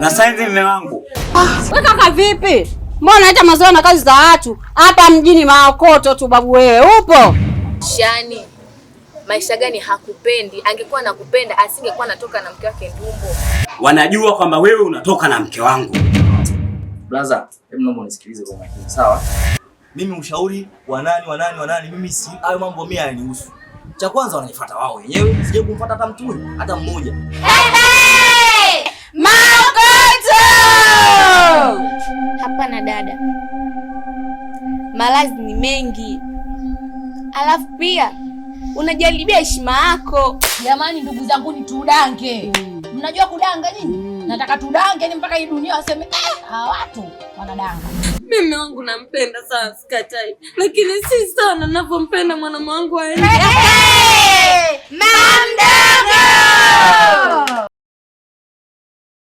Na saizi mme wangu. Ah, we kaka vipi? Mbona hata mazoea na kazi za watu hapa mjini maokoto tu babu wewe upo? Shani. Maisha gani hakupendi? Angekuwa nakupenda asingekuwa anatoka na mke wake Ndumbo. Wanajua kwamba wewe unatoka na mke wangu. Blaza, hebu naomba unisikilize kwa makini, sawa? Mimi ushauri wa nani wa nani wa nani, mimi si hayo mambo mimi hayanihusu. Cha kwanza wanaifuata wao wenyewe, sije kumfuata hata mtu hata mmoja. Hapana dada, malazi ni mengi, alafu pia unajaribia heshima yako. Jamani ndugu zangu, ni tudange. Mnajua kudanga nini? Mm. Nataka tudange ni mpaka hii dunia waseme eh, hawa watu wanadanga. Mimi wangu nampenda sana sikatai, lakini si sana ninavyompenda mwanamwangu. Eh, eh,